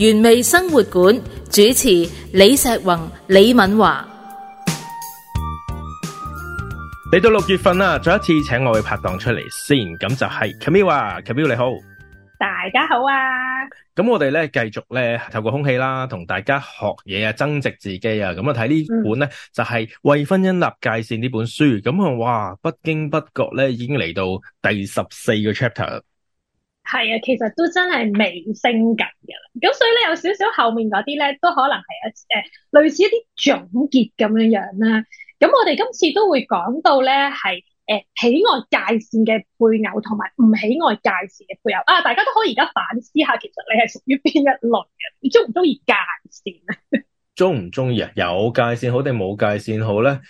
原味生活館主持李碩宏、李敏華，嚟到六月份啦，再一次請我嘅拍檔出嚟先，咁就係 Camille、啊、Camille 你好，大家好啊！咁我哋咧繼續咧透過空氣啦，同大家學嘢啊，增值自己啊！咁啊睇呢本咧、嗯、就係、是《為婚姻立界線》呢本書，咁啊哇，不經不覺咧已經嚟到第十四個 chapter。係啊，其實都真係微升緊嘅啦，咁所以咧有少少後面嗰啲咧都可能係一誒類似一啲總結咁樣樣啦。咁我哋今次都會講到咧係誒喜愛界線嘅配偶同埋唔喜愛界線嘅配偶啊，大家都可以而家反思下，其實你係屬於邊一類嘅？你中唔中意界線啊？中唔中意啊？有界線好定冇界線好咧？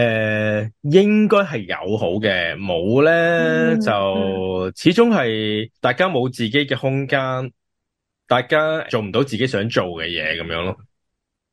誒、呃，應該係有好嘅，冇咧、嗯、就始終係大家冇自己嘅空間，大家做唔到自己想做嘅嘢咁樣咯。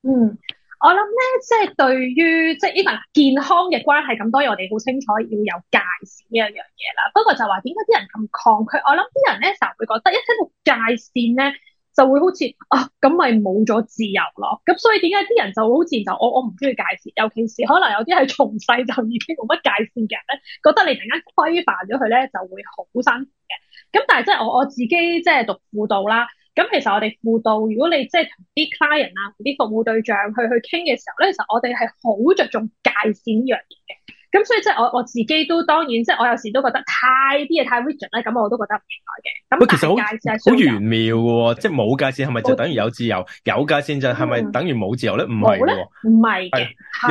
嗯，我諗咧，即係對於即係呢份健康嘅關係咁多，我哋好清楚要有界線呢一樣嘢啦。不過就話點解啲人咁抗拒？我諗啲人咧成日會覺得一聽到界線咧，就會好似啊，咁咪冇咗自由咯。咁所以點解啲人就好似就我我唔中意界線，尤其是可能有啲係從細就已經冇乜界線嘅人咧，覺得你突然間規範咗佢咧就會好辛苦嘅。咁但係即係我我自己即係讀輔導啦。咁其實我哋輔導，如果你即係同啲 client 啊、啲服務對象去去傾嘅時候咧，其實我哋係好着重界線呢樣嘢嘅。咁、嗯、所以即係我我自己都當然，即係我有時都覺得太啲嘢太 rigid 咧，咁我都覺得唔應該嘅。咁其實好好玄妙嘅、啊，對即係冇界線係咪就等於有自由？沒 有界線就係咪等於冇自由咧？唔係嘅，唔係嘅。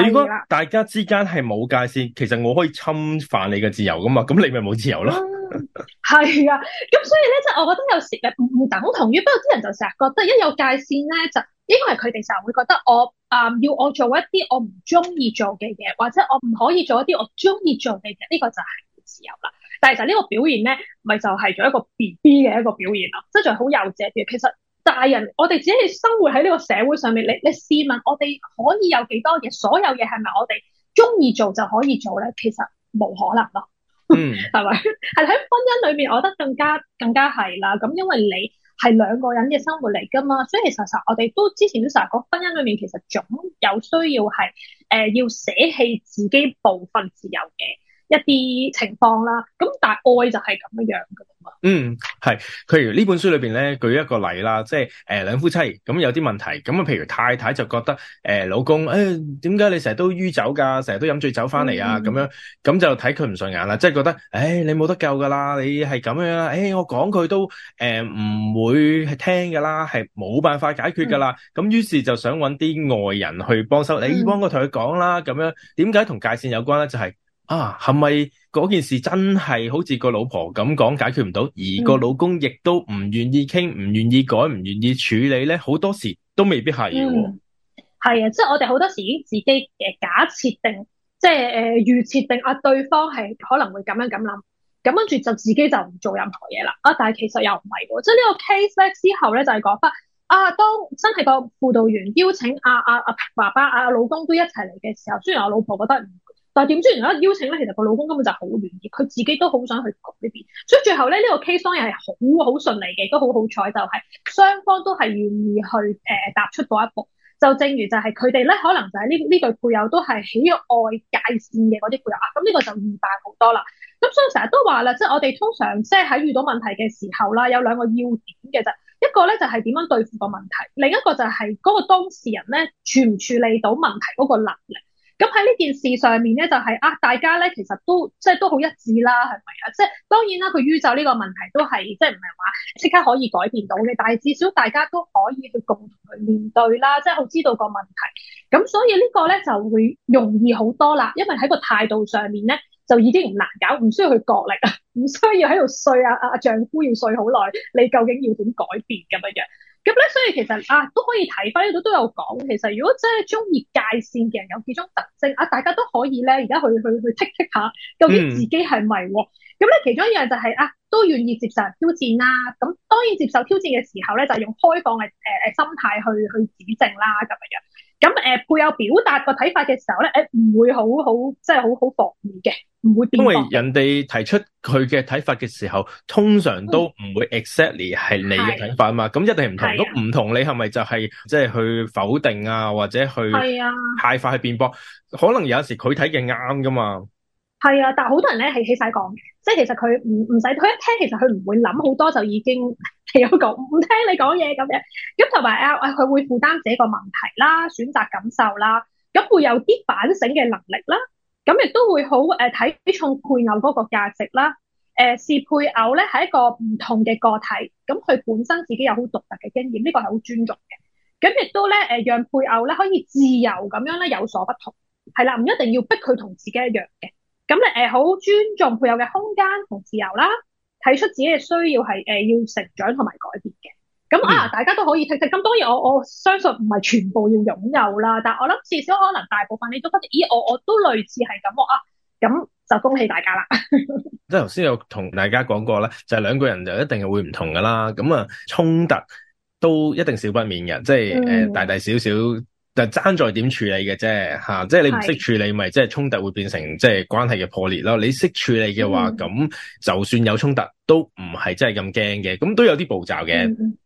你如果大家之間係冇界線，的其實我可以侵犯你嘅自由噶嘛，咁你咪冇自由咯。係啊、嗯，咁 所以咧，即係我覺得有時咧唔等同於，不過啲人就成日覺得一有界線咧就。因為佢哋就會覺得我啊、呃，要我做一啲我唔中意做嘅嘢，或者我唔可以做一啲我中意做嘅嘢，呢個就係自由啦。但係就呢個表現咧，咪就係做一個 B B 嘅一個表現咯，即係仲係好幼稚嘅。其實大人，我哋只係生活喺呢個社會上面，你你試問我哋可以有幾多嘢？所有嘢係咪我哋中意做就可以做咧？其實冇可能咯，係咪、嗯？ 係喺婚姻裏面，我覺得更加更加係啦。咁因為你。係兩個人嘅生活嚟㗎嘛，所以其實上我哋都之前都成日講，婚姻裏面其實總有需要係誒、呃、要捨棄自己部分自由嘅。一啲情況啦，咁但係愛就係咁樣樣噶啦。嗯，係，譬如呢本書裏邊咧，舉一個例啦，即係誒兩夫妻咁、嗯、有啲問題，咁啊譬如太太就覺得誒、呃、老公誒點解你成日都酗酒噶，成日都飲醉酒翻嚟啊咁樣，咁就睇佢唔順眼啦，即係覺得誒、哎、你冇得救噶啦，你係咁樣啦，誒、哎、我講佢都誒唔、呃、會係聽噶啦，係冇辦法解決噶啦，咁於、嗯、是就想揾啲外人去幫手，嗯、你幫我同佢講啦，咁樣，點解同界線有關咧？就係、是。啊，係咪嗰件事真係好似個老婆咁講解決唔到，而個老公亦都唔願意傾，唔願意改，唔願意處理咧？好多時都未必係。係啊、嗯，即係我哋好多時已經自己嘅假設定，即係誒預設定啊，對方係可能會咁樣咁諗，咁跟住就自己就唔做任何嘢啦。啊，但係其實又唔係，即係呢個 case 咧之後咧就係講翻啊，當真係個輔導員邀請啊啊啊爸爸、啊老公都一齊嚟嘅時候，雖然我老婆覺得。但係點知原來邀請咧，其實個老公根本就好願意，佢自己都好想去呢邊，所以最後咧呢、這個 case 當然係好好順利嘅，都好好彩，就係、是、雙方都係願意去誒、呃、踏出嗰一步。就正如就係佢哋咧，可能就係呢呢對配偶都係喜愛界線嘅嗰啲配偶啊，咁、嗯、呢、這個就易辦好多啦。咁所以成日都話啦，即係我哋通常即係喺遇到問題嘅時候啦，有兩個要點嘅就一個咧就係、是、點樣對付個問題，另一個就係嗰個當事人咧處唔處理到問題嗰個能力。咁喺呢件事上面咧，就係、是、啊，大家咧其實都即係都好一致啦，係咪啊？即係當然啦，佢宇宙呢個問題都係即係唔係話即刻可以改變到嘅，但係至少大家都可以去共同去面對啦，即係好知道個問題。咁所以個呢個咧就會容易好多啦，因為喺個態度上面咧，就已經唔難搞，唔需要去角力，唔 需要喺度睡啊，阿丈夫要睡好耐，你究竟要點改變咁樣？咁咧，所以其實啊，都可以睇翻，呢度都有講。其實如果真係中意界線嘅人有幾種特徵啊，大家都可以咧，而家去去去剔剔下，究竟自己係咪。咁咧，嗯、其中一樣就係、是、啊，都願意接受挑戰啦。咁當然接受挑戰嘅時候咧，就係、用開放嘅誒誒心態去去指正啦，咁樣。咁誒、呃，配有表達個睇法嘅時候咧，誒、呃、唔會好好即係好好防禦嘅。因為人哋提出佢嘅睇法嘅時候，通常都唔會 accept、exactly、你係你嘅睇法嘛，咁、嗯、一定唔同。都唔、啊、同你，你係咪就係即係去否定啊，或者去太快去辯駁？可能有時佢睇嘅啱噶嘛係啊，但係好多人咧係起晒講，即係其實佢唔唔使，佢一聽其實佢唔會諗好多就已經係有個，唔聽你講嘢咁樣。咁同埋啊，佢會負擔自己個問題啦，選擇感受啦，咁會有啲反省嘅能力啦。咁亦都會好誒睇重配偶嗰個價值啦，誒、呃、視配偶咧係一個唔同嘅個體，咁佢本身自己有好獨特嘅經驗，呢、這個係好尊重嘅。咁亦都咧誒、呃、讓配偶咧可以自由咁樣咧有所不同，係啦，唔一定要逼佢同自己一樣嘅。咁咧好尊重配偶嘅空間同自由啦，睇出自己嘅需要係誒、呃、要成長同埋改變嘅。咁、嗯嗯、啊，大家都可以聽聽。咁當然我，我我相信唔係全部要擁有啦。但係我諗，至少可能大部分你都覺得，咦？我我都類似係咁喎啊！咁、嗯、就恭喜大家啦。即係頭先有同大家講過啦，就係、是、兩個人就一定係會唔同噶啦。咁啊，衝突都一定少不免嘅，即係誒大大小小就爭在點處理嘅啫嚇。即、啊、係、就是、你唔識處理，咪即係衝突會變成即係、就是、關係嘅破裂咯。你識處理嘅話，咁、嗯嗯、就算有衝突都唔係真係咁驚嘅。咁都有啲步驟嘅。嗯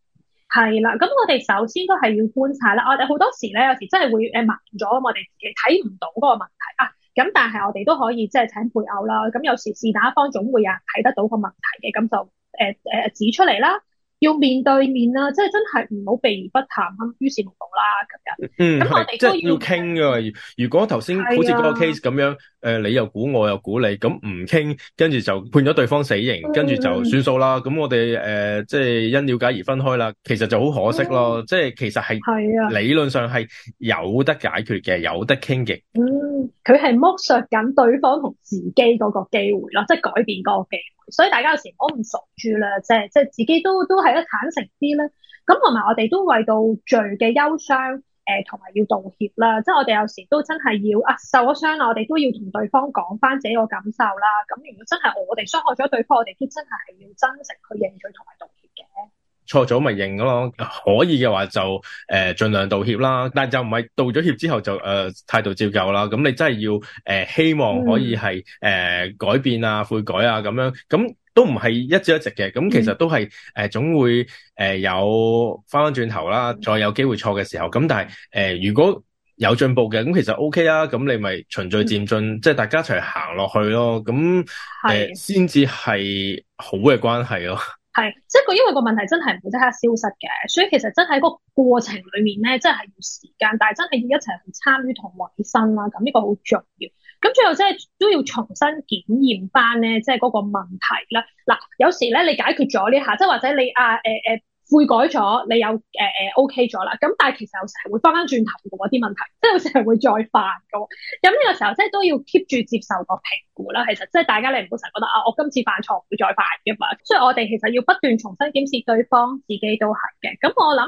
係啦，咁我哋首先都係要觀察啦。我哋好多時咧，有時真係會誒盲咗，我哋自己睇唔到嗰個問題啊。咁但係我哋都可以即係請配偶啦。咁有時是但一方總會有人睇得到個問題嘅，咁就誒誒、呃呃、指出嚟啦。要面對面啦，即係真係唔好避而不談，於事無補啦咁樣。嗯，咁我哋是要即係要傾嘅。如果頭先好似嗰個 case 咁樣，誒、啊呃，你又估我，我又估你，咁唔傾，跟住就判咗對方死刑，跟住、啊、就算數啦。咁我哋誒、呃，即係因了解而分開啦。其實就好可惜咯，啊、即係其實係理論上係有得解決嘅，有得傾嘅。嗯，佢係剝削緊對方同自己嗰個機會咯，即係改變嗰個機。所以大家有時唔好唔熟住啦，即係即係自己都都係一坦誠啲咧。咁同埋我哋都為到罪嘅憂傷，誒同埋要道歉啦。即係我哋有時都真係要啊，受咗傷啊，我哋都要同對方講翻自己個感受啦。咁如果真係我哋傷害咗對方，我哋都真係係要真誠去認罪同埋道歉嘅。錯咗咪認咯，可以嘅話就誒盡、呃、量道歉啦，但係就唔係道咗歉之後就誒態、呃、度照舊啦。咁你真係要誒、呃、希望可以係誒、呃、改變啊、悔改啊咁樣，咁都唔係一朝一夕嘅。咁其實都係誒、呃、總會誒、呃、有翻翻轉頭啦，再有機會錯嘅時候。咁但係誒、呃、如果有進步嘅，咁其實 O、OK、K 啊。咁你咪循序漸進，嗯、即係大家一齊行落去咯。咁誒先至係好嘅關係咯。係，即係個因為個問題真係唔會即刻消失嘅，所以其實真係個過程裡面咧，真係要時間，但係真係要一齊去參與同維生啦。咁、這、呢個好重要。咁最後真、就、係、是、都要重新檢驗翻咧，即係嗰個問題啦。嗱，有時咧你解決咗呢下，即係或者你啊誒誒。呃呃悔改咗，你有誒誒、呃、OK 咗啦。咁但係其實有時係會翻返轉頭嘅啲問題，即係會成日會再犯嘅。咁呢個時候即係都要 keep 住接受個評估啦。其實即係大家你唔好成日覺得啊，我今次犯錯唔會再犯嘅嘛。所以我哋其實要不斷重新檢視對方，自己都係嘅。咁我諗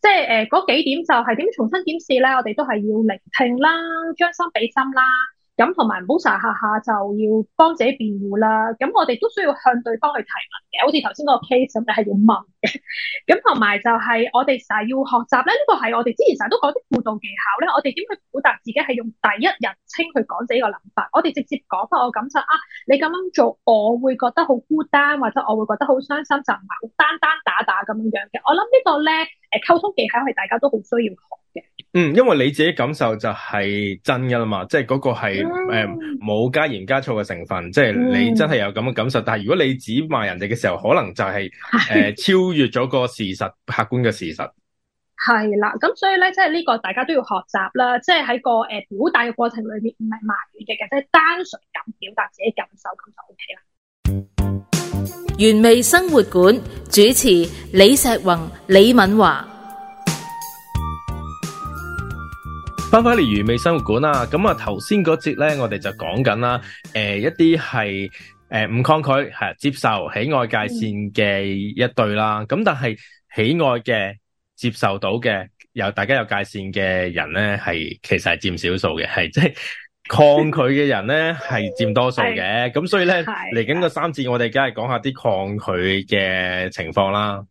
即係誒嗰幾點就係點重新檢視咧，我哋都係要聆聽啦，將心比心啦。咁同埋，唔好成日下下就要幫自己辯護啦。咁、啊、我哋都需要向對方去提問嘅，好似頭先嗰個 case 咁，你係要問嘅。咁同埋就係我哋成日要學習咧，呢個係我哋之前成日都講啲互動技巧咧。我哋點去表達自己係用第一人稱去講自己個諗法，我哋直接講翻我感受啊！你咁樣做，我會覺得好孤單，或者我會覺得好傷心，就唔係好單單打打咁樣樣嘅。我諗呢個咧，誒溝通技巧係大家都好需要。嗯，因為你自己感受就係真㗎啦嘛，即係嗰個係誒冇加鹽加醋嘅成分，嗯、即係你真係有咁嘅感受。但係如果你指罵人哋嘅時候，可能就係、是、誒、呃、 超越咗個事實客觀嘅事實。係啦，咁所以咧，即係呢個大家都要學習啦，即係喺個誒、呃、表達嘅過程裏邊，唔係埋怨嘅，即係單純咁表達自己感受咁就 O K 啦。原味生活館主持李碩宏、李敏華。翻返嚟餘味生活館啦。咁啊頭先嗰節咧，我哋就講緊啦，誒、呃、一啲係誒唔抗拒係、啊、接受喜愛界線嘅一對啦，咁但係喜愛嘅接受到嘅有大家有界線嘅人咧，係其實係佔少數嘅，係即係抗拒嘅人咧係佔多數嘅，咁 所以咧嚟緊個三節，我哋梗係講一下啲抗拒嘅情況啦。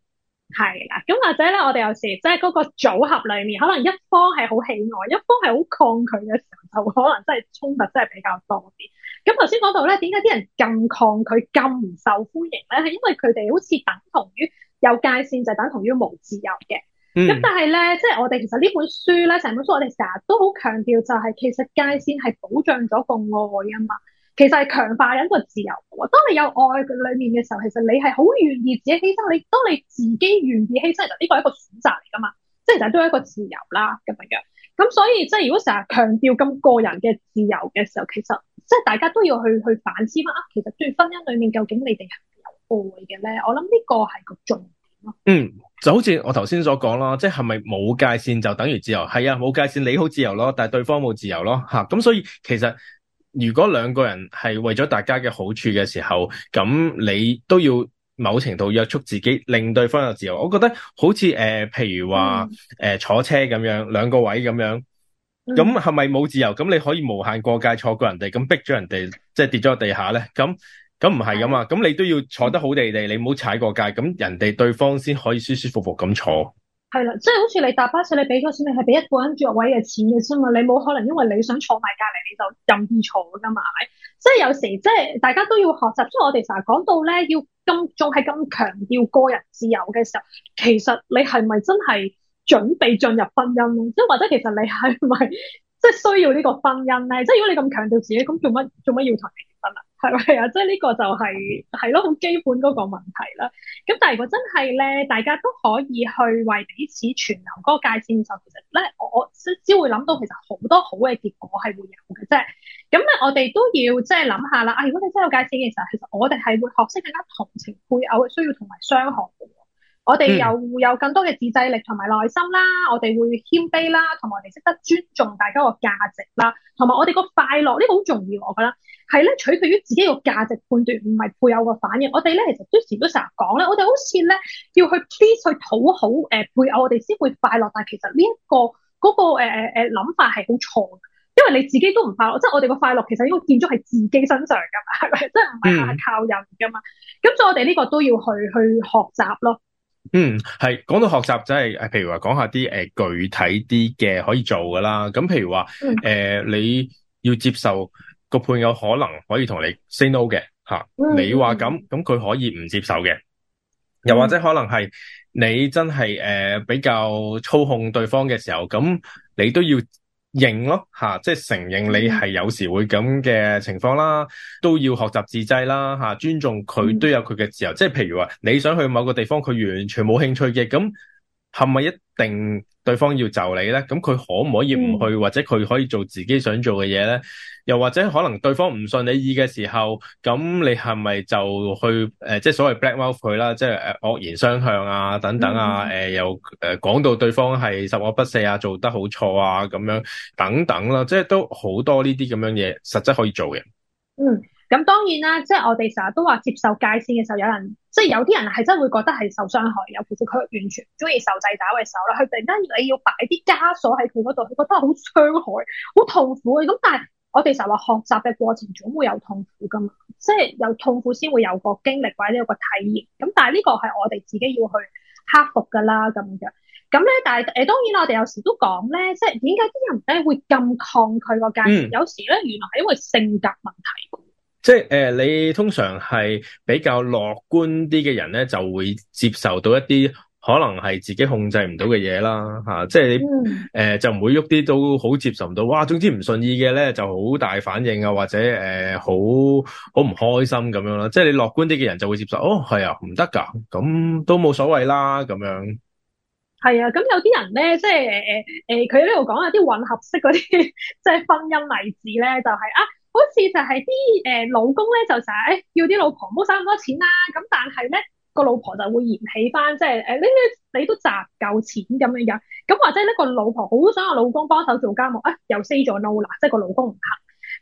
係啦，咁或者咧，我哋有時即係嗰個組合裏面，可能一方係好喜愛，一方係好抗拒嘅時候，就可能真係衝突真係比較多啲。咁頭先講到咧，點解啲人咁抗拒、咁唔受歡迎咧？係因為佢哋好似等同於有界線，就等同於冇自由嘅。咁、嗯、但係咧，即係我哋其實呢本書咧，成本書我哋成日都好強調，就係其實界線係保障咗個愛啊嘛。其實係強化一個自由嘅。當你有愛裏面嘅時候，其實你係好願意自己犧牲。你當你自己願意犧牲，其實呢個係一個選擇嚟噶嘛，即係就都係一個自由啦咁樣。咁所以即係如果成日強調咁個人嘅自由嘅時候，其實即係大家都要去去反思返啊，其實對婚姻裏面究竟你哋係有愛嘅咧？我諗呢個係個重點咯。嗯，就好似我頭先所講啦，即係係咪冇界綫就等於自由？係啊，冇界綫你好自由咯，但係對方冇自由咯吓。咁所以其實。如果兩個人係為咗大家嘅好處嘅時候，咁你都要某程度約束自己，令對方有自由。我覺得好似誒、呃，譬如話誒、嗯呃、坐車咁樣，兩個位咁樣，咁係咪冇自由？咁你可以無限過界坐過人哋，咁逼咗人哋即係跌咗個地下咧？咁咁唔係噶嘛咁、嗯、你都要坐得好地地，你唔好踩過界，咁人哋對方先可以舒舒服服咁坐。係啦，即係好似你搭巴士，你俾咗錢，你係俾一個人坐位嘅錢嘅啫嘛，你冇可能因為你想坐埋隔籬，你就任意坐噶嘛，係咪？即係有時，即係大家都要學習，即係我哋成日講到咧，要咁仲係咁強調個人自由嘅時候，其實你係咪真係準備進入婚姻？即係或者其實你係咪即係需要呢個婚姻咧？即係如果你咁強調自己，咁做乜做乜要同。係咪？啊？即係呢個就係係咯，好 基本嗰個問題啦。咁但係如果真係咧，大家都可以去為彼此存留嗰個界線嘅時候，其實咧，我只會諗到其實好多好嘅結果係會有嘅啫。咁咧，我哋都要即係諗下啦。啊，如果你真有界線嘅時候，其實我哋係會學識更加同情配偶嘅需要同埋相學嘅。我哋又有更多嘅自制力同埋耐心啦，我哋會謙卑啦，同埋我哋識得尊重大家個價值啦，同埋我哋個快樂呢、這個好重要，我覺得係咧取決於自己個價值判斷，唔係配偶個反應。我哋咧其實之前都成日講咧，我哋好似咧要去 please 去討好誒、呃、配偶，我哋先會快樂，但係其實呢、這個嗰、這個誒誒誒諗法係好錯，因為你自己都唔快樂，即係我哋個快樂其實應該建築喺自己身上噶，係咪？即係唔係靠人噶嘛。咁、嗯、所以我哋呢個都要去去學習咯。嗯，係講到學習，就係、是、誒，譬如話講下啲誒具體啲嘅可以做㗎喇。咁譬如話，誒、呃、你要接受個配偶可能可以同你 say no 嘅，吓、啊，你話咁，咁佢可以唔接受嘅。又或者可能係你真係誒、呃、比較操控對方嘅時候，咁你都要。認咯嚇，即係承認你係有時會咁嘅情況啦，都要學習自制啦嚇、啊，尊重佢都有佢嘅自由。即係譬如話，你想去某個地方，佢完全冇興趣嘅咁。係咪一定對方要就你咧？咁佢可唔可以唔去，嗯、或者佢可以做自己想做嘅嘢咧？又或者可能對方唔信你意嘅時候，咁你係咪就去誒、呃，即係所謂 blackmail 佢啦，即係誒惡言相向啊，等等啊，誒、嗯呃、又誒、呃、講到對方係十惡不赦啊，做得好錯啊，咁樣等等啦、啊，即係都好多呢啲咁樣嘢，實質可以做嘅。嗯。咁當然啦，即係我哋成日都話接受界線嘅時候，有人即係有啲人係真會覺得係受傷害。尤其是佢完全唔中意受制打嘅時候咧，佢突然間你要擺啲枷鎖喺佢嗰度，佢覺得好傷害、好痛苦嘅。咁但係我哋成日話學習嘅過程總會有痛苦㗎嘛，即係有痛苦先會有個經歷或者有個體驗。咁但係呢個係我哋自己要去克服㗎啦，咁樣咁咧。但係誒，當然我哋有時都講咧，即係點解啲人咧會咁抗拒個界線？嗯、有時咧原來係因為性格問題。即係誒、呃，你通常係比較樂觀啲嘅人咧，就會接受到一啲可能係自己控制唔到嘅嘢啦，吓、啊，即係你誒就唔會喐啲都好接受唔到，哇！總之唔順意嘅咧就好大反應啊，或者誒好好唔開心咁樣啦。即係你樂觀啲嘅人就會接受，哦，係啊，唔得噶，咁都冇所謂啦，咁樣。係啊，咁有啲人咧，即係誒誒誒，佢呢度講下啲混合式嗰啲，即係婚姻例子咧，就係、是、啊。好似就係啲誒老公咧，就成日誒要啲老婆唔好使咁多錢啦、啊。咁但係咧，個老婆就會嫌棄翻，即係誒呢啲你都賺唔夠錢咁樣樣。咁或者呢個老婆好想個老公幫手做家務啊、哎，又 say 咗 no 啦，即係個老公唔肯。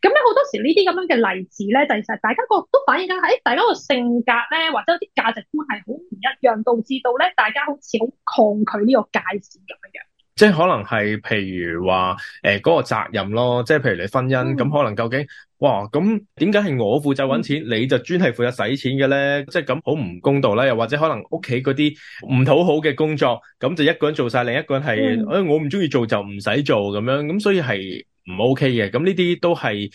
咁咧好多時呢啲咁樣嘅例子咧，就係、是、大家個都反映緊係、哎，大家個性格咧，或者啲價值觀係好唔一樣，導致到咧大家好似好抗拒呢個界線咁樣樣。即係可能係譬如話，誒嗰個責任咯，即係譬如你婚姻咁、嗯、可能究竟哇咁點解係我負責揾錢，嗯、你就專係負責使錢嘅咧？即係咁好唔公道啦！又或者可能屋企嗰啲唔討好嘅工作，咁就一個人做晒，另一個人係誒、嗯哎、我唔中意做就唔使做咁樣，咁所以係唔 OK 嘅。咁呢啲都係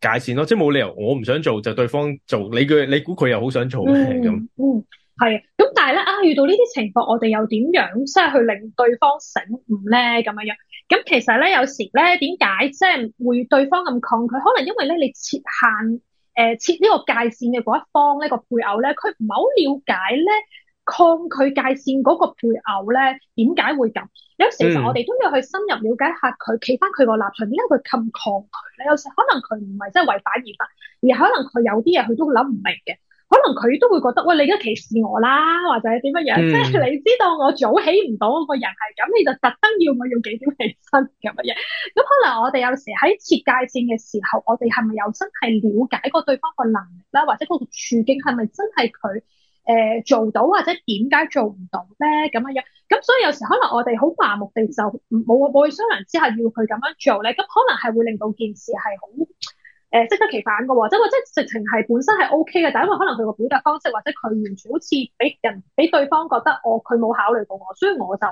界綫咯，即係冇理由我唔想做就對方做。你佢你估佢又好想做咩咁？嗯嗯嗯嗯係啊，咁但係咧啊，遇到呢啲情況，我哋又點樣即係去令對方醒悟咧？咁樣樣，咁其實咧有時咧，點解即係會對方咁抗拒？可能因為咧你設限誒，設、呃、呢個界線嘅嗰一方呢、呢個配偶咧，佢唔係好了解咧，抗拒界線嗰個配偶咧點解會咁？有時其實我哋都要去深入了解下佢企翻佢個立場，點解佢咁抗拒咧？有時可能佢唔係真係違反而法，而可能佢有啲嘢佢都諗唔明嘅。可能佢都會覺得，喂，你而家歧視我啦，或者點乜嘢？嗯、即係你知道我早起唔到，我個人係咁，你就特登要我用幾點起身，咁乜嘢？咁可能我哋有時喺設界線嘅時候，我哋係咪有真係了解過對方個能力啦，或者個處境係咪真係佢誒做到，或者點解做唔到咧？咁樣咁所以有時可能我哋好麻木地就冇冇去商量之下要佢咁樣做咧，咁可能係會令到件事係好，誒適、呃、得其反嘅喎，即係即係直情係本身係 OK 嘅，但係因為可能佢個表達方式或者佢完全好似俾人俾對方覺得我佢冇考慮到我，所以我就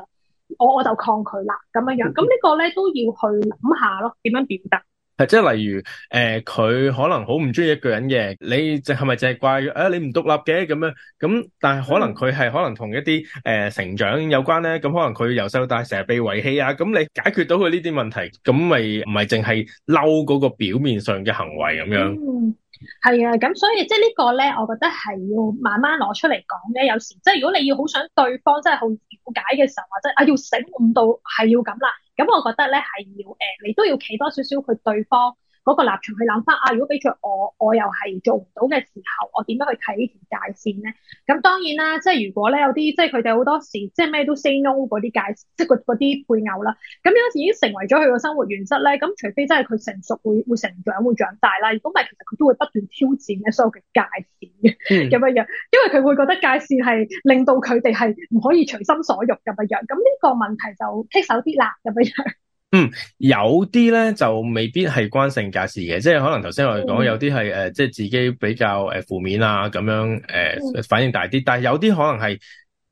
我我就抗拒啦，咁樣這樣這，咁呢個咧都要去諗下咯，點樣表達？係即係例如誒，佢、呃、可能好唔中意一個人嘅，你淨係咪淨係怪誒、啊、你唔獨立嘅咁樣？咁但係可能佢係、嗯、可能同一啲誒、呃、成長有關咧，咁可能佢由細到大成日被遺棄啊，咁你解決到佢呢啲問題，咁咪唔係淨係嬲嗰個表面上嘅行為咁樣。嗯，係啊，咁所以即係呢個咧，我覺得係要慢慢攞出嚟講嘅。有時即係如果你要好想對方真係好了解嘅時候，或者啊要醒悟到係要咁啦。咁我覺得咧係要誒、呃，你都要企多少少去對方嗰個立場去諗翻啊！如果比著我，我又係做唔到嘅時候，我點樣去睇呢條界線咧？咁當然啦，即係如果咧有啲即係佢哋好多時即係咩都 say no 嗰啲界線，即係嗰啲配偶啦。咁有時已經成為咗佢個生活原則咧。咁除非真係佢成熟會會成長會長大啦。如果唔係，其實佢都會不斷挑戰嘅所有嘅界線嘅咁樣樣。因為佢會覺得界線係令到佢哋係唔可以隨心所欲咁樣樣。咁呢個問題就棘手啲啦咁樣樣。嗯，有啲咧就未必係關性格事嘅，即係可能頭先我哋講、嗯、有啲係誒，即、呃、係自己比較誒負面啊咁樣誒反應大啲，嗯、但係有啲可能係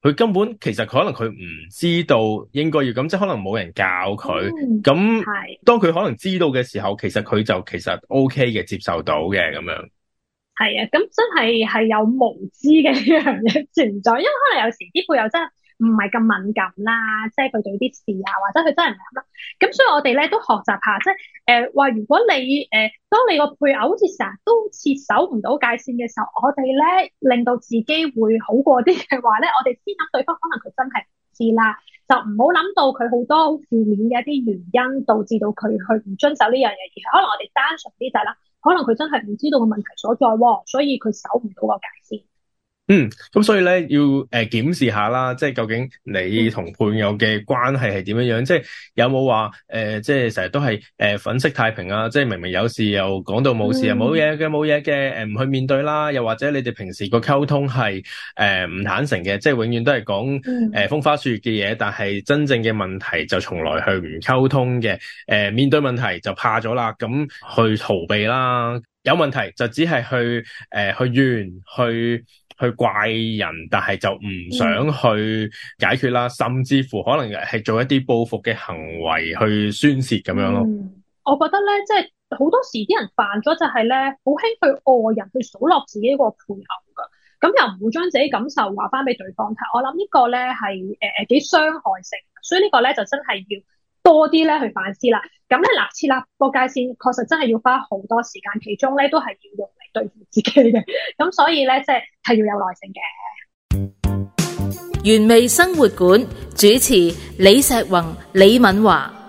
佢根本其實佢可能佢唔知道應該要咁，即係可能冇人教佢。咁，當佢可能知道嘅時候，其實佢就其實 OK 嘅，接受到嘅咁樣。係啊，咁真係係有無知嘅一樣嘢存在， 因為可能有時啲配偶真係。唔係咁敏感啦，即係佢對啲事啊，或者佢真係唔得。咁所以我哋咧都學習下，即係誒話，呃、如果你誒、呃、當你個配偶好似成日都切守唔到界線嘅時候，我哋咧令到自己會好過啲嘅話咧，我哋先諗對方可能佢真係唔知啦，就唔好諗到佢好多負面嘅一啲原因導致到佢去唔遵守呢樣嘢，而可能我哋單純啲就係、是、啦，可能佢真係唔知道個問題所在喎、哦，所以佢守唔到個界線。嗯，咁所以咧要誒、呃、檢視下啦，即係究竟你同配偶嘅關係係點樣樣？嗯、即係有冇話誒，即係成日都係誒、呃、粉飾太平啊？即係明明有事又講到冇事，又冇嘢嘅冇嘢嘅，誒、呃、唔去面對啦。又或者你哋平時個溝通係誒唔坦誠嘅，即係永遠都係講誒風花雪月嘅嘢，但係真正嘅問題就從來去唔溝通嘅。誒、呃、面對問題就怕咗啦，咁去逃避啦。有問題就只係去誒去怨去。呃去去怪人，但係就唔想去解決啦，嗯、甚至乎可能係做一啲報復嘅行為去宣泄咁樣咯、嗯。我覺得咧，即係好多時啲人犯咗就係咧，好興去惡人去數落自己個配偶噶，咁又唔會將自己感受話翻俾對方睇。我諗呢個咧係誒誒幾傷害性，所以個呢個咧就真係要。多啲咧去反思呢啦，咁咧立設立個界線，確實真係要花好多時間，其中咧都係要用嚟對付自己嘅，咁 所以咧即係係要有耐性嘅。原味生活館主持李碩宏、李敏華。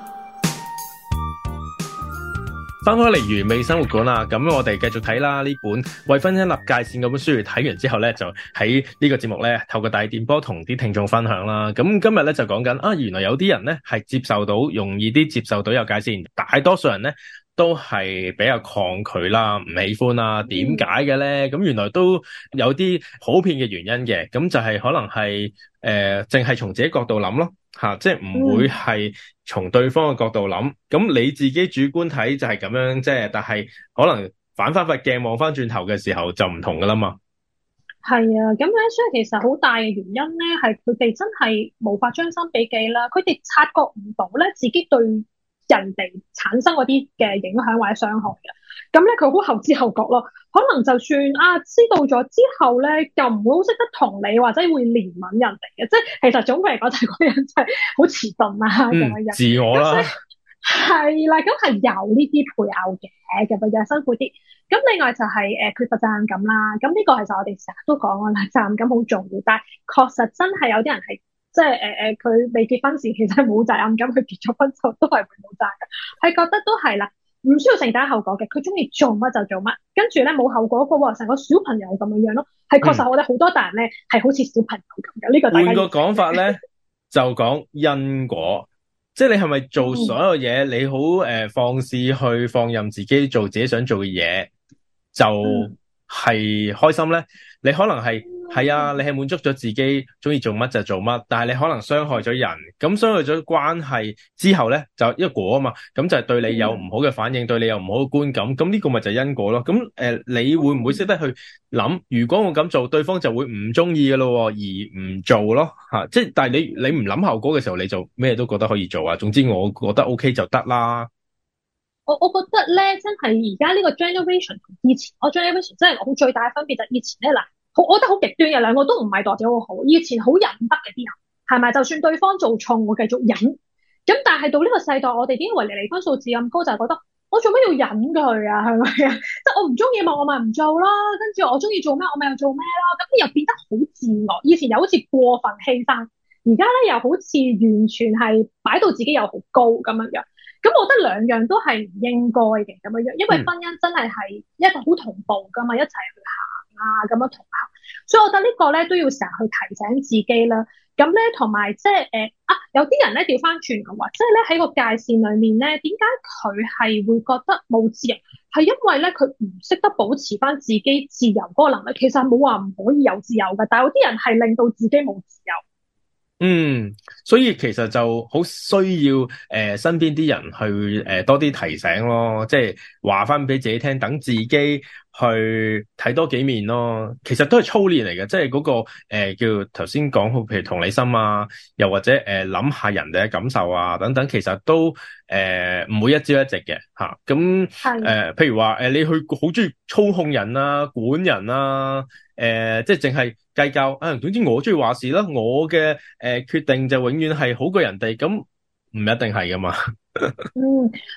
翻開嚟愉美生活館啦，咁我哋繼續睇啦呢本為婚姻立界線嗰本書，睇完之後咧就喺呢個節目咧透過大電波同啲聽眾分享啦。咁今日咧就講緊啊，原來有啲人咧係接受到容易啲接受到有界線，但係大多數人咧都係比較抗拒啦，唔喜歡啦。點解嘅咧？咁原來都有啲普遍嘅原因嘅，咁就係可能係。誒，淨係從自己角度諗咯，吓、啊，即係唔會係從對方嘅角度諗。咁、嗯、你自己主觀睇就係咁樣啫，但係可能反翻塊鏡望翻轉頭嘅時候就唔同噶啦嘛。係啊，咁樣，所以其實好大嘅原因咧，係佢哋真係無法將心比己啦，佢哋察覺唔到咧自己對人哋產生嗰啲嘅影響或者傷害嘅，咁咧佢好後知後覺咯。可能就算啊知道咗之後咧，又唔會好識得同你，或者會憐憫人哋嘅，即係其實總括嚟講，就係、是、嗰人真係好遲鈍啦，咁樣、嗯、自我啦，係啦，咁係有呢啲配偶嘅，咁就辛苦啲。咁另外就係誒缺乏責任感啦。咁呢個其實我哋成日都講㗎啦，責任感好重要。但係確實真係有啲人係即係誒誒，佢、呃、未結婚時其實冇責任感，佢結咗婚之後都係會冇責任感，係覺得都係啦。唔需要承擔後果嘅，佢中意做乜就做乜，跟住咧冇後果噶，成個小朋友咁樣樣咯，係確實我哋好多大人咧係好似小朋友咁嘅。你、這、換個講法咧， 就講因果，即係你係咪做所有嘢，你好誒、呃、放肆去放任自己做自己想做嘅嘢，就係、是、開心咧？你可能係。係啊，你係滿足咗自己中意做乜就做乜，但係你可能傷害咗人，咁傷害咗關係之後咧，就因果啊嘛，咁就係對你有唔好嘅反應，嗯、對你有唔好嘅觀感，咁呢個咪就係因果咯。咁誒、呃，你會唔會識得去諗？如果我咁做，對方就會唔中意嘅咯，而唔做咯，吓。即係，但係你你唔諗後果嘅時候，你就咩都覺得可以做啊。總之我覺得 OK 就得啦。我我覺得咧，真係而家呢個 generation，以前我 generation 真係我最大嘅分別就係以前咧嗱。我我覺得好極端嘅，兩個都唔係代表好好。以前好忍得嘅啲人，係咪？就算對方做錯，我繼續忍。咁但係到呢個世代，我哋點解為你離婚數字咁高？就係、是、覺得我做咩要忍佢啊？係咪啊？即 係我唔中意物，我咪唔做啦。跟住我中意做咩，我咪又做咩咯。咁又變得好自我。以前又好似過分犧牲，而家咧又好似完全係擺到自己又好高咁樣樣。咁我覺得兩樣都係唔應該嘅咁樣樣，因為婚姻真係係一個好同步噶嘛，一齊去行。啊咁樣同行，所以我覺得呢個咧都要成日去提醒自己啦。咁咧同埋即係誒啊，有啲人咧調翻轉嘅話，即係咧喺個界線裏面咧，點解佢係會覺得冇自由？係因為咧佢唔識得保持翻自己自由嗰個能力。其實冇話唔可以有自由嘅，但有啲人係令到自己冇自由。嗯，所以其實就好需要誒、呃、身邊啲人去誒、呃、多啲提醒咯，即係話翻俾自己聽，等自己去睇多幾面咯。其實都係操練嚟嘅，即係嗰、那個誒、呃、叫頭先講好，譬如同理心啊，又或者誒諗、呃、下人哋嘅感受啊等等，其實都誒唔、呃、會一朝一夕嘅吓。咁、啊、誒的、呃，譬如話誒、呃、你去好中意操控人啊、管人啊，誒、呃、即係淨係。計較，誒，總之我中意話事啦，我嘅誒、呃、決定就永遠係好過人哋，咁唔一定係噶嘛。 嗯，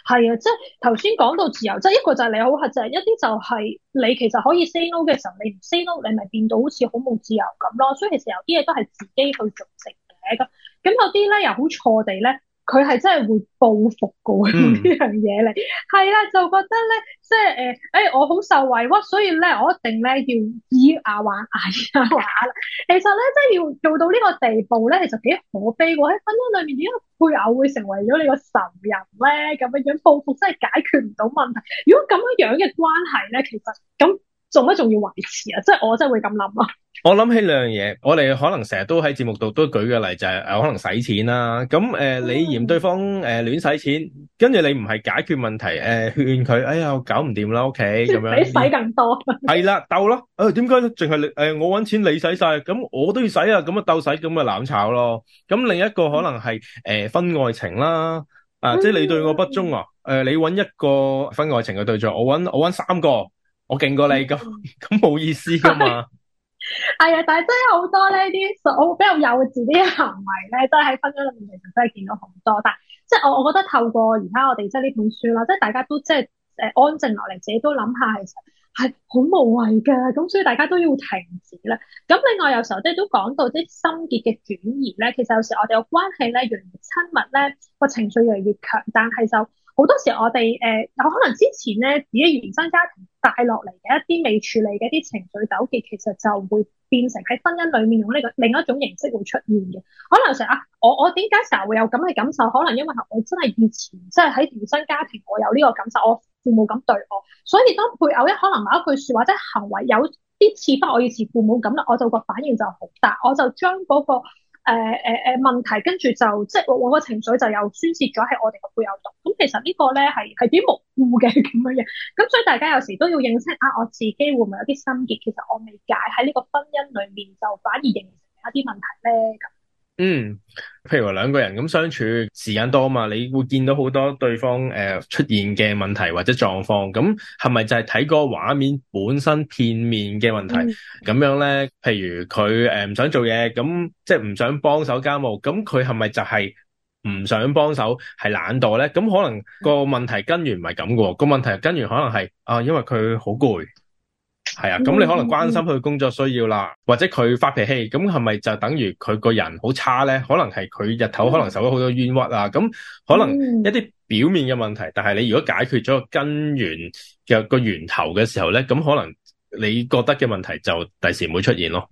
係啊，即係頭先講到自由，即係一個就係你好客，就係一啲就係你其實可以 say no 嘅時候，你唔 say no，你咪變到好似好冇自由咁咯。所以其實有啲嘢都係自己去做成嘅，咁咁有啲咧又好錯地咧。佢係真係會報復噶呢樣嘢嚟，係啦、嗯、就覺得咧，即係誒誒，我好受委屈，所以咧我一定咧要以牙還牙，其實咧真係要做到呢個地步咧，其實幾可悲喎。喺婚姻裏面點解配偶會成為咗你個仇人咧？咁樣樣報復真係解決唔到問題。如果咁樣樣嘅關係咧，其實咁做乜仲要維持啊？即係我真係會咁諗啊！我諗起兩樣嘢，我哋可能成日都喺節目度都舉個例就係誒，可能使錢啦，咁誒，你嫌對方誒亂使錢，跟住你唔係解決問題，誒勸佢，哎呀搞唔掂啦，OK 咁樣，你使更多係啦鬥咯，誒點解淨係誒我揾錢你使晒，咁我都要使啊，咁啊鬥使咁咪攬炒咯，咁另一個可能係誒婚外情啦，啊即係你對我不忠啊，誒你揾一個婚外情嘅對象，我揾我揾三個，我勁過你咁，咁冇意思噶嘛。係啊、哎，但係真係好多呢啲，我比較幼稚啲行為咧，都係喺婚姻裏面其實真係見到好多。但係即係我我覺得透過而家我哋即係呢本書啦，即係大家都即係誒安靜落嚟，自己都諗下，其實係好無謂噶。咁所以大家都要停止啦。咁另外有時候即係都講到啲心結嘅轉移咧，其實有時我哋嘅關係咧越嚟越親密咧，個情緒越嚟越強，但係就。好多時我哋誒有可能之前咧自己原生家庭帶落嚟嘅一啲未處理嘅一啲情緒糾結，其實就會變成喺婚姻裏面用呢個另一種形式會出現嘅。可能成日、啊、我我點解成日會有咁嘅感受？可能因為我真係以前真係喺原生家庭我有呢個感受，我父母咁對我，所以當配偶一可能某一句説話或者行為有啲似翻我以前父母咁啦，我就個反應就好大，我就將、嗰個個。誒誒誒，問題跟住就即係我我個情緒就又宣洩咗喺我哋個配偶度，咁其實呢個咧係係比較無辜嘅咁樣樣，咁所以大家有時都要認識啊，我自己會唔會有啲心結？其實我未解喺呢個婚姻裏面就反而形成一啲問題咧咁。嗯，譬如話兩個人咁相處時間多啊嘛，你會見到好多對方誒、呃、出現嘅問題或者狀況，咁係咪就係睇嗰個畫面本身片面嘅問題咁、嗯、樣咧？譬如佢誒唔想做嘢，咁即係唔想幫手家務，咁佢係咪就係唔想幫手係懶惰咧？咁可能個問題根源唔係咁噶，個問題根源可能係啊，因為佢好攰。係啊，咁你可能關心佢工作需要啦，嗯、或者佢發脾氣，咁係咪就等於佢個人好差咧？可能係佢日頭可能受咗好多冤屈啊，咁、嗯、可能一啲表面嘅問題，但係你如果解決咗根源嘅個源頭嘅時候咧，咁可能你覺得嘅問題就第時唔會出現咯。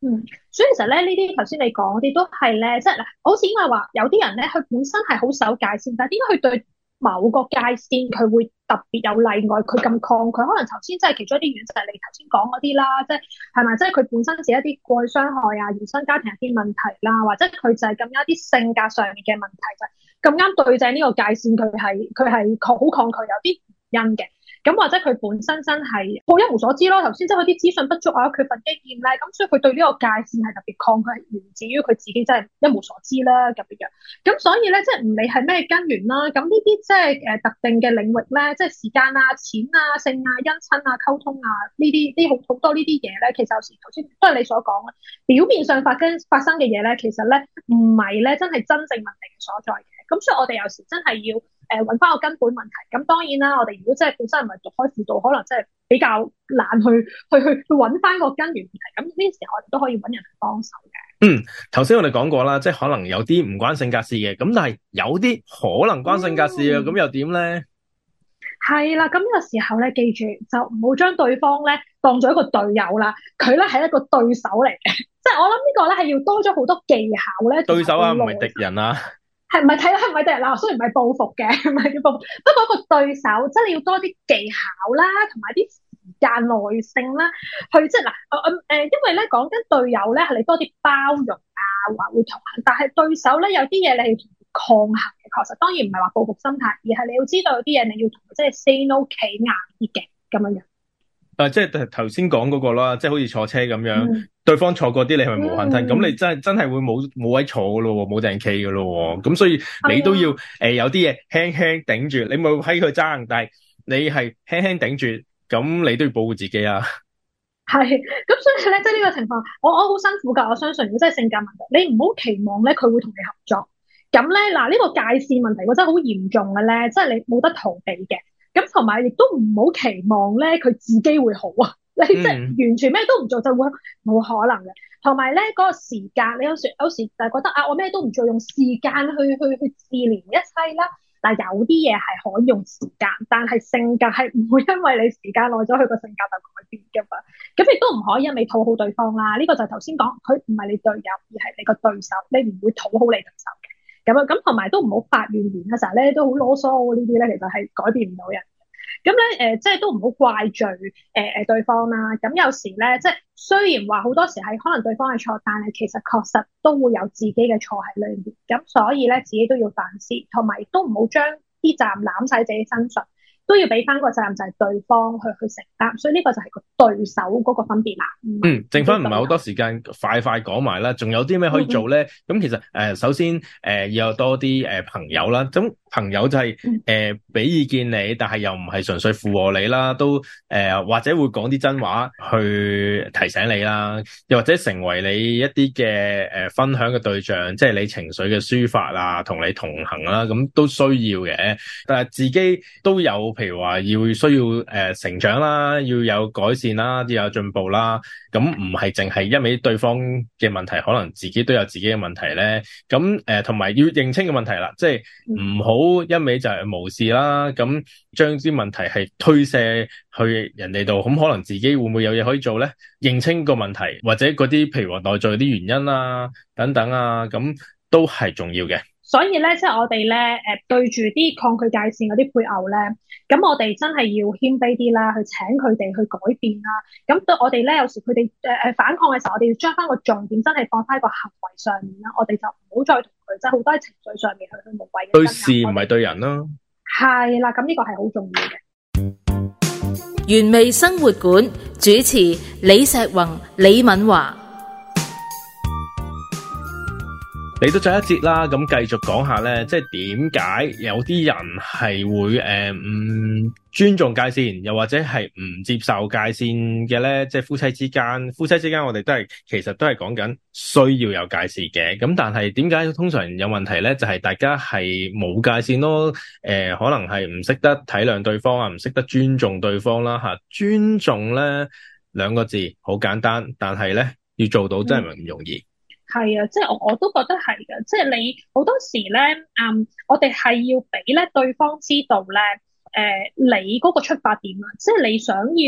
嗯，所以其實咧呢啲頭先你講啲都係咧，即、就、係、是、好似因為話有啲人咧，佢本身係好守界線，但係點解佢對？某個界線佢會特別有例外，佢咁抗拒，可能頭先即係其中一啲原因、就係、你頭先講嗰啲啦，即係係咪？即係佢本身自一啲過去傷害啊、原生家庭一啲問題啦、啊，或者佢就係咁樣一啲性格上面嘅問題就係咁啱對正呢個界線，佢係佢係抗好抗拒有啲原因嘅。咁或者佢本身真係抱一無所知咯，頭先即係嗰啲資訊不足啊、缺乏經驗咧，咁所以佢對呢個界線係特別抗拒，而源自於佢自己真係一無所知啦咁樣。咁所以咧，即係唔理係咩根源啦，咁呢啲即係誒特定嘅領域咧，即係時間啊、錢啊、性啊、姻親啊、溝通啊呢啲，呢好好多呢啲嘢咧，其實有時頭先都係你所講咧，表面上發生發生嘅嘢咧，其實咧唔係咧真係真正問題嘅所在嘅。咁所以我哋有時真係要。誒，揾翻、呃、個根本問題，咁當然啦，我哋如果真係本身唔係讀開輔導，可能真係比較難去去去去揾翻個根源問題。咁呢時候我哋都可以揾人去幫手嘅。嗯，頭先我哋講過啦，即係可能有啲唔關性格事嘅，咁但係有啲可能關性格事啊，咁、嗯、又點咧？係啦，咁呢個時候咧，記住就唔好將對方咧當做一個隊友啦，佢咧係一個對手嚟嘅，即係我諗呢個咧係要多咗好多技巧咧。對手啊，唔係他敵人啊。 係唔係睇到係咪係第日鬧？雖然唔係報復嘅，唔係叫報復，不過一個對手，即係你要多啲技巧啦，同埋啲時間耐性啦，去即係嗱，誒、呃呃，因為咧講緊隊友咧，係你多啲包容啊，話會同行，但係對手咧有啲嘢你要抗衡嘅。確實，當然唔係話報復心態，而係你要知道有啲嘢你要同即係 say no 企硬啲嘅咁樣樣。啊，即係頭先講嗰個啦，即係好似坐車咁樣，嗯、對方坐過啲，你係咪無限吞？咁、嗯、你真係真係會冇冇位坐噶咯，冇定 K 噶咯，咁所以你都要誒、嗯呃、有啲嘢輕輕頂住，你冇喺佢爭，但係你係輕輕頂住，咁你都要保護自己啊。係，咁所以咧，即係呢個情況，我我好辛苦噶。我相信如果真係性格問題，你唔好期望咧佢會同你合作。咁咧嗱，呢、呢個界線問題，我真係好嚴重嘅咧，即係你冇得逃避嘅。咁同埋亦都唔好期望咧，佢自己會好啊！你、嗯、即係完全咩都唔做，就會冇可能嘅。同埋咧，嗰個時間，你有時有時就係覺得啊，我咩都唔做，用時間去去去治癒一切啦。嗱，有啲嘢係可以用時間，但係性格係唔會因為你時間耐咗，佢、個性格就改變嘅嘛。咁亦都唔可以一味討好對方啦。呢、個就係頭先講，佢唔係你隊友，而係你個對手，你唔會討好你對手嘅。咁啊，咁同埋都唔好發怨言嘅時候咧都好囉嗦，呢啲咧其實係改變唔到人。咁咧誒，即係都唔好怪罪誒誒、呃呃、對方啦。咁、嗯、有時咧，即係雖然話好多時係可能對方係錯，但係其實確實都會有自己嘅錯喺裏面。咁、嗯、所以咧，自己都要反思，同埋都唔好將啲責任攬曬自己身上。都要俾翻個責任就係、是、對方去去承擔，所以呢個就係個對手嗰個分別啦。嗯，剩翻唔係好多時間，嗯、快快講埋啦。仲有啲咩可以做咧？咁、嗯嗯、其實誒、呃，首先誒、呃、要有多啲誒、呃、朋友啦。咁朋友就係誒俾意見你，但係又唔係純粹附和你啦，都誒、呃、或者會講啲真話去提醒你啦，又或者成為你一啲嘅誒分享嘅對象，即係你情緒嘅抒發啊，同你同行啦，咁都需要嘅。但係自己都有，譬如話要需要誒、呃、成長啦，要有改善啦，要有進步啦，咁唔係淨係一味對方嘅問題，可能自己都有自己嘅問題咧。咁誒同埋要認清嘅問題啦，即係唔好。好一味就係無視啦，咁將啲問題係推卸去人哋度，咁可能自己會唔會有嘢可以做咧？認清個問題，或者嗰啲譬如話內在啲原因啊，等等啊，咁都係重要嘅。所以咧，即係我哋咧，誒對住啲抗拒界線嗰啲配偶咧，咁我哋真係要謙卑啲啦，去請佢哋去改變啦。咁對我哋咧，有時佢哋誒誒反抗嘅時候，我哋要將翻個重點真係放翻喺個行為上面啦，我哋就唔好再同佢即係好多情緒上面去去無謂爭拗。對事唔係對人啦。係啦，咁呢個係好重要嘅。原味生活館主持李碩宏、李敏華。你都就一節啦，咁繼續講下咧，即係點解有啲人係會誒唔、呃、尊重界線，又或者係唔接受界線嘅咧？即係夫妻之間，夫妻之間我哋都係其實都係講緊需要有界線嘅。咁但係點解通常有問題咧？就係、是、大家係冇界線咯。誒、呃，可能係唔識得體諒對方啊，唔識得尊重對方啦。吓，尊重咧兩個字好簡單，但係咧要做到真係唔容易。嗯。係啊，即係我我都覺得係㗎，即係你好多時咧，嗯，我哋係要俾咧對方知道咧，誒、呃，你嗰個出發點啊，即係你想要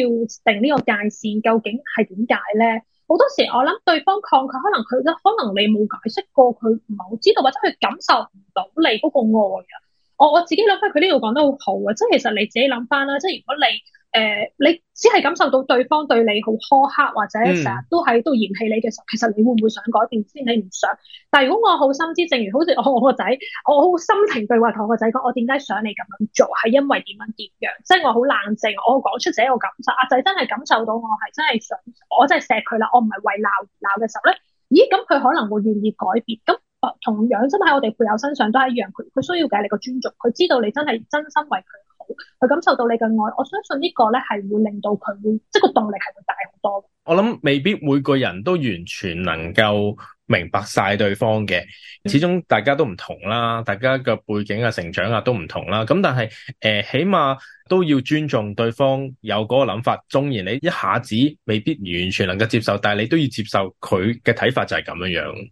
定呢個界線，究竟係點解咧？好多時我諗對方抗拒，可能佢咧，可能你冇解釋過，佢唔係好知道，或者佢感受唔到你嗰個愛啊。我我自己諗翻佢呢度講得好好啊，即係其實你自己諗翻啦，即係如果你誒、呃、你只係感受到對方對你好苛刻，或者成日都喺度嫌棄你嘅時候，其實你會唔會想改變？知你唔想。但係如果我好心知，正如好似我我個仔，我好心情對話同我個仔講，我點解想你咁樣做，係因為點樣點樣？即係我好冷靜，我講出自己嘅感受。阿仔真係感受到我係真係想，我真係錫佢啦，我唔係為鬧而鬧嘅時候咧。咦？咁佢可能會願意改變。咁。同樣真係我哋配偶身上都係一樣，佢佢需要嘅係你個尊重，佢知道你真係真心為佢好，佢感受到你嘅愛。我相信呢個咧係會令到佢，即係個動力係會大好多。我諗未必每個人都完全能夠明白晒對方嘅，始終大家都唔同啦，大家嘅背景啊、成長啊都唔同啦。咁但係誒、呃，起碼都要尊重對方有嗰個諗法，縱然你一下子未必完全能夠接受，但係你都要接受佢嘅睇法就係咁樣樣。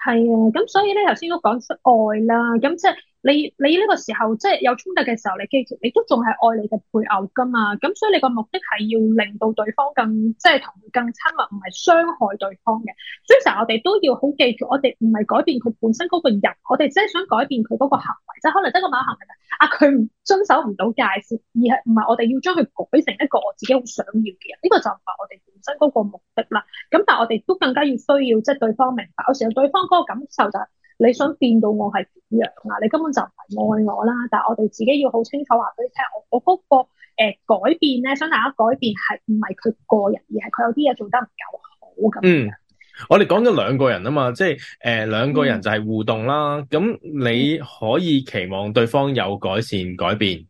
係啊，咁所以咧，頭先都講出愛啦，咁即係。你你呢個時候即係有衝突嘅時候，你記住你都仲係愛你嘅配偶噶嘛，咁所以你個目的係要令到對方更即係同佢更親密，唔係傷害對方嘅。所以成日我哋都要好記住，我哋唔係改變佢本身嗰個人，我哋只係想改變佢嗰個行為，即係可能得個某行為啊，佢唔遵守唔到界線，而係唔係我哋要將佢改成一個我自己好想要嘅人，呢、這個就唔係我哋本身嗰個目的啦。咁但係我哋都更加要需要即係對方明白，有時候對方嗰個感受就係。你想變到我係點樣啊？你根本就唔係愛我啦！但係我哋自己要好清楚話俾你聽，我我嗰個、呃、改變咧，想大家改變係唔係佢個人，而係佢有啲嘢做得唔夠好咁。嗯，樣我哋講緊兩個人啊嘛，即係誒、呃、兩個人就係互動啦。咁、嗯、你可以期望對方有改善改變，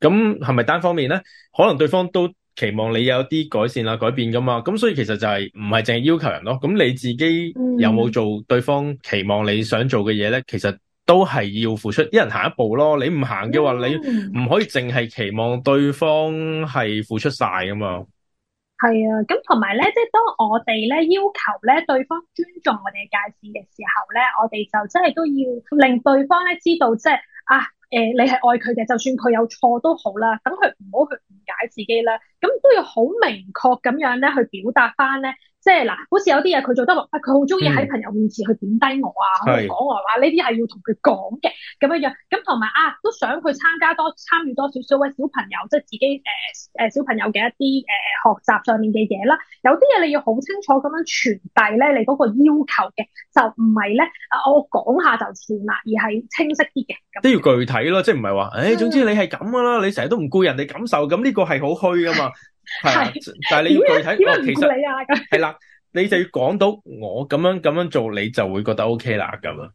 咁係咪單方面咧？可能對方都，期望你有啲改善啦、改變噶嘛，咁所以其實就係唔係淨係要求人咯。咁你自己有冇做對方期望你想做嘅嘢咧？嗯、其實都係要付出一人行一步咯。你唔行嘅話，嗯、你唔可以淨係期望對方係付出晒噶嘛。係啊，咁同埋咧，即係當我哋咧要求咧對方尊重我哋嘅界線嘅時候咧，我哋就真係都要令對方咧知道即，即係啊，誒、呃，你係愛佢嘅，就算佢有錯都好啦，等佢唔好去解自己啦，咁都要好明確咁樣咧，去表達返咧。即係嗱，好似有啲嘢佢做得落，佢好中意喺朋友面前去貶低我啊，嗯、去講我話、啊，呢啲係要同佢講嘅咁樣樣。咁同埋啊，都想佢參加多參與多少少位小朋友，即係自己誒誒、呃呃、小朋友嘅一啲誒、呃、學習上面嘅嘢啦。有啲嘢你要好清楚咁樣傳遞咧，你嗰個要求嘅就唔係咧啊！我講下就算啦，而係清晰啲嘅。都要具體咯，即係唔係話誒，總之你係咁啦，你成日都唔顧人哋感受，咁呢個係好虛噶嘛。 係，啊啊、但係你要具體，我、啊、其實係啦、 啊，你就要講到我咁樣咁樣做，你就會覺得 O K 啦咁啊。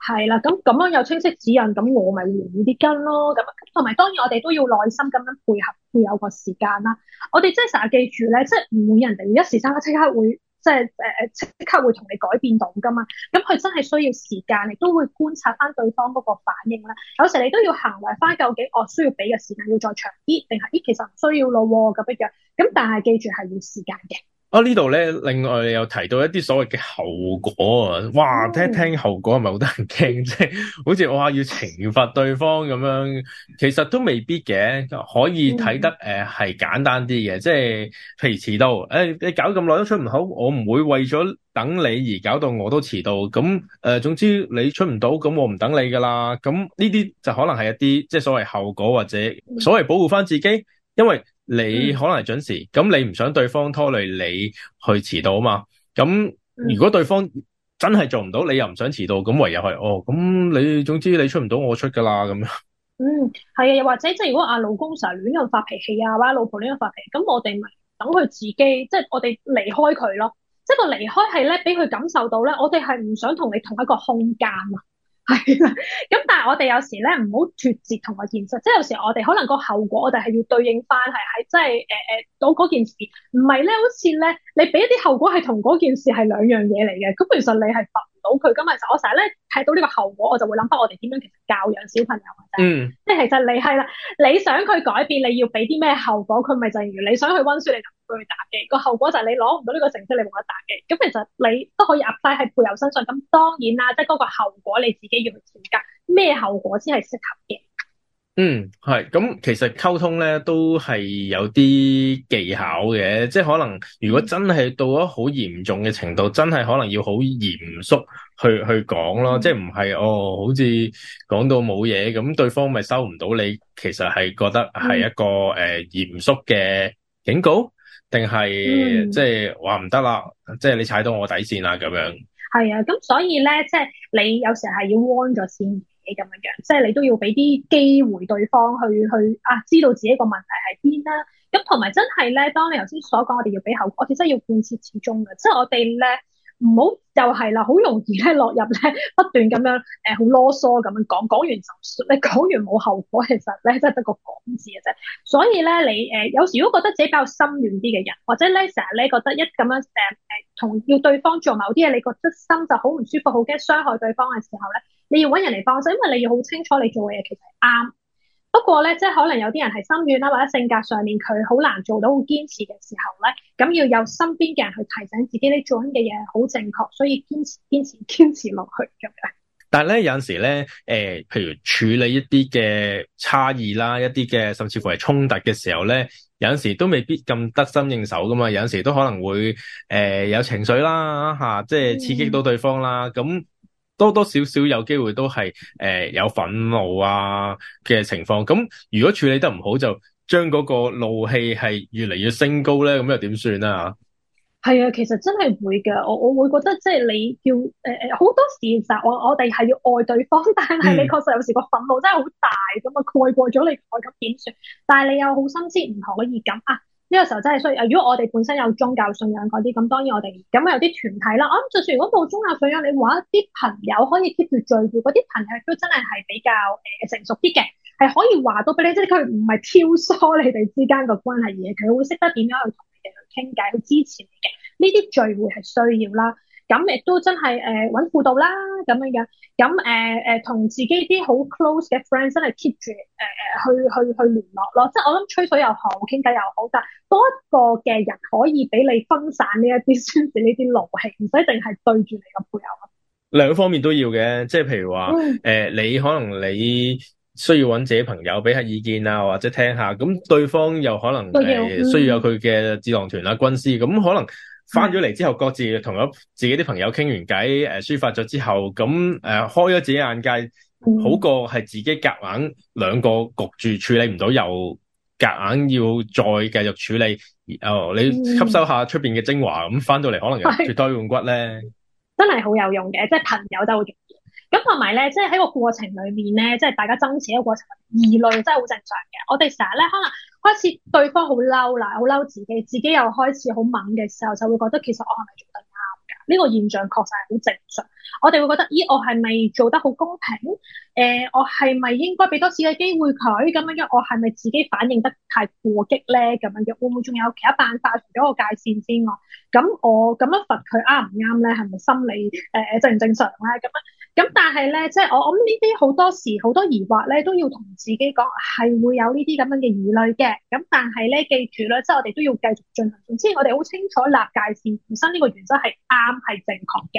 係啦，咁咁樣有清晰指引，咁我咪容易啲跟咯咁。同埋當然我哋都要耐心咁樣配合，配有個時間啦、啊。我哋即係成日記住咧，即係唔會人哋一時三刻即刻會。即係誒誒，即、呃、刻會同你改變到噶嘛？咁佢真係需要時間，亦都會觀察翻對方嗰個反應啦。有時你都要行為翻究竟我、哦、需要俾嘅時間要再長啲，定係咦，其實唔需要咯咁、啊、樣。咁但係記住係要時間嘅。啊呢度咧，另外又提到一啲所謂嘅後果啊，哇，聽一聽後果係咪好得人驚？即好似話，要懲罰對方咁樣，其實都未必嘅，可以睇得誒係、呃、簡單啲嘅，即係譬如遲到，誒、欸、你搞咁耐都出唔好，我唔會為咗等你而搞到我都遲到。咁誒、呃，總之你出唔到，咁我唔等你噶啦。咁呢啲就可能係一啲即係所謂後果或者所謂保護翻自己，因為。你可能係準時，咁你唔想對方拖累你去遲到啊嘛？咁如果對方真係做唔到，你又唔想遲到，咁唯有係哦，咁你總之你出唔到，我出㗎喇咁樣。嗯，係啊，又或者即係如果阿老公成日亂咁發脾氣啊，或者老婆亂咁發脾氣，咁我哋咪等佢自己，即係我哋離開佢咯。即係個離開係咧，俾佢感受到咧，我哋係唔想同你同一個空間啊。係啦，咁 但係我哋有時咧唔好脫節同埋現實，即係有時我哋可能個後果，我哋係要對應翻係喺即係誒誒，到嗰、就是呃呃、件事唔係咧，好似咧你俾一啲後果係同嗰件事係兩樣嘢嚟嘅，咁其實你係到佢咁，其實就我成日咧睇到呢個後果，我就會諗翻我哋點樣其實教養小朋友啊，即係其實你係啦，你想佢改變，你要俾啲咩後果，佢咪就如你想去温書，你就唔俾佢打機，個後果就係你攞唔到呢個成績，你冇得打機。咁其實你都可以 apply 喺配偶身上，咁當然啦，即係嗰個後果你自己要去設計咩後果先係適合嘅。嗯，係咁、嗯，其實溝通咧都係有啲技巧嘅，即係可能如果真係到咗好嚴重嘅程度，真係可能要好嚴肅去去講咯，嗯、即係唔係哦，好似講到冇嘢，咁對方咪收唔到你，其實係覺得係一個誒嚴肅嘅警告，定係、嗯、即係話唔得啦，即係你踩到我底線啦咁樣。係啊，咁所以咧，即係你有時係要 warn 咗先。你咁樣樣，即係你都要俾啲機會對方去去啊，知道自己個問題係邊啦。咁同埋真係咧，當你頭先所講，我哋要俾後果，我哋真係要貫徹始終嘅，即係我哋咧。唔好就係、是、啦，好容易咧落入咧不斷咁樣誒，好、呃、囉嗦咁樣講，講完就你講完冇後果，其實咧真係得個講字嘅啫。所以咧，你誒、呃、有時如果覺得自己比較心軟啲嘅人，或者咧成日咧覺得一咁樣誒誒同要對方做某啲嘢，你覺得心就好唔舒服，好驚傷害對方嘅時候咧，你要搵人嚟幫手，因為你要好清楚你做嘅嘢其實係啱。不過咧，即係可能有啲人係心軟啦，或者性格上面佢好難做到會堅持嘅時候咧，咁要有身邊嘅人去提醒自己，你做緊嘅嘢好正確，所以堅持、堅持、堅持落去咁樣。但係咧有陣時咧，誒、呃，譬如處理一啲嘅差異啦，一啲嘅甚至乎係衝突嘅時候咧，有陣時都未必咁得心應手噶嘛，有陣時都可能會誒、呃、有情緒啦吓、啊，即係刺激到對方啦，咁、嗯。多多少少有機會都係誒、呃、有憤怒啊嘅情況，咁如果處理得唔好，就將嗰個怒氣係越嚟越升高咧，咁又點算啊？係啊，其實真係會㗎，我我會覺得即係你要誒誒好多時，我我哋係要愛對方，但係你確實有時個憤怒真係好大，咁啊蓋過咗你愛，咁點算？但係你又好深知唔可以咁啊。呢個時候真係需要。如果我哋本身有宗教信仰嗰啲，咁當然我哋咁有啲團體啦。我諗就算如果冇宗教信仰，你揾一啲朋友可以 keep 住聚會，嗰啲朋友都真係係比較誒、呃、成熟啲嘅，係可以話到俾你，即係佢唔係挑唆你哋之間嘅關係，而係佢會識得點樣去同你哋去傾偈，去支持你嘅。呢啲聚會係需要啦。咁亦都真係誒揾輔導啦，咁樣樣。咁誒誒，同、嗯呃、自己啲好 close 嘅 friend 真係 keep 住誒誒，去去去聯絡咯。即係我諗吹水又好，傾偈又好，但多一個嘅人可以俾你分散呢一啲，算是呢啲戾氣，唔使一定係對住你個配偶咯。兩方面都要嘅，即係譬如話誒唉、呃，你可能你需要揾自己朋友俾下意見啊，或者聽下。咁對方又可能、嗯呃、需要有佢嘅智囊團啊、軍師咁可能。翻咗嚟之後，各自同咗自己啲朋友傾完偈，誒抒發咗之後，咁誒開咗自己眼界，好過係自己夾硬兩個焗住處理唔到，又夾硬要再繼續處理。哦、呃，你吸收下出邊嘅精華，咁翻到嚟可能又脫胎換骨咧。真係好有用嘅，即係朋友都係好重要。咁同埋咧，即係喺個過程裏面咧，即係大家爭持嘅過程，疑慮真係好正常嘅。我哋成日咧可能。開始對方好嬲啦，好嬲自己，自己又開始好猛嘅時候，就會覺得其實我係咪做得啱噶？呢個現象確實係好正常。我哋會覺得，咦，我係咪做得好公平？誒、呃，我係咪應該俾多次嘅機會佢咁樣嘅？我係咪自己反應得太過激咧？咁樣嘅，會唔會仲有其他辦法除咗個界線之外？咁我咁樣罰佢啱唔啱咧？係咪心理誒、呃、正唔正常咧？咁樣，咁但係咧，即係我諗呢啲好多時好多疑惑咧，都要同自己講係會有呢啲咁樣嘅疑慮嘅。咁但係咧，記住啦，即係我哋都要繼續進行。總之，我哋好清楚立界線本身呢個原則係啱係正確嘅。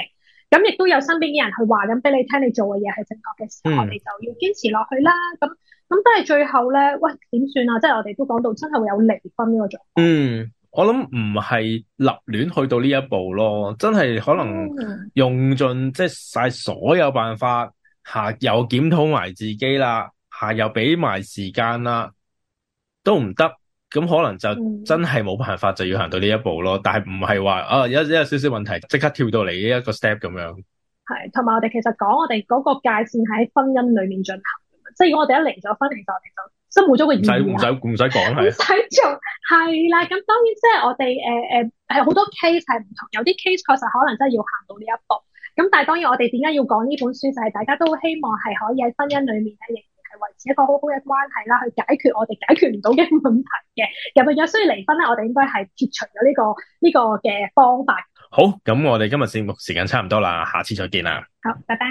咁亦都有身邊嘅人去話咁俾你聽，你做嘅嘢係正確嘅時候，嗯、我哋就要堅持落去啦。咁咁但係最後咧，喂，點算啊？即係我哋都講到真係會有離婚呢個狀況。嗯，我諗唔係立亂去到呢一步咯，真係可能用盡即係晒所有辦法，下又檢討埋自己啦，下又俾埋時間啦，都唔得。咁可能就真係冇辦法，就要行到呢一步咯。嗯，但係唔係話啊，有有少少問題，即刻跳到嚟呢一個 step 咁樣。係，同埋我哋其實講我哋嗰個界線喺婚姻裏面進行，即係如果我哋一離咗婚，其實我哋就生活咗嘅義務唔使唔使講係唔使做係啦。咁當然即係我哋誒誒誒好多 case 係唔同，有啲 case 確實可能真係要行到呢一步。咁但係當然我哋點解要講呢本書，就係大家都希望係可以喺婚姻裏面咧。維持一個好好嘅關係啦，去解決我哋解決唔到嘅問題嘅咁樣，所以離婚咧，我哋應該係撇除咗呢個呢個嘅方法。好，咁我哋今日節目時間差唔多啦，下次再見啦。好，拜拜。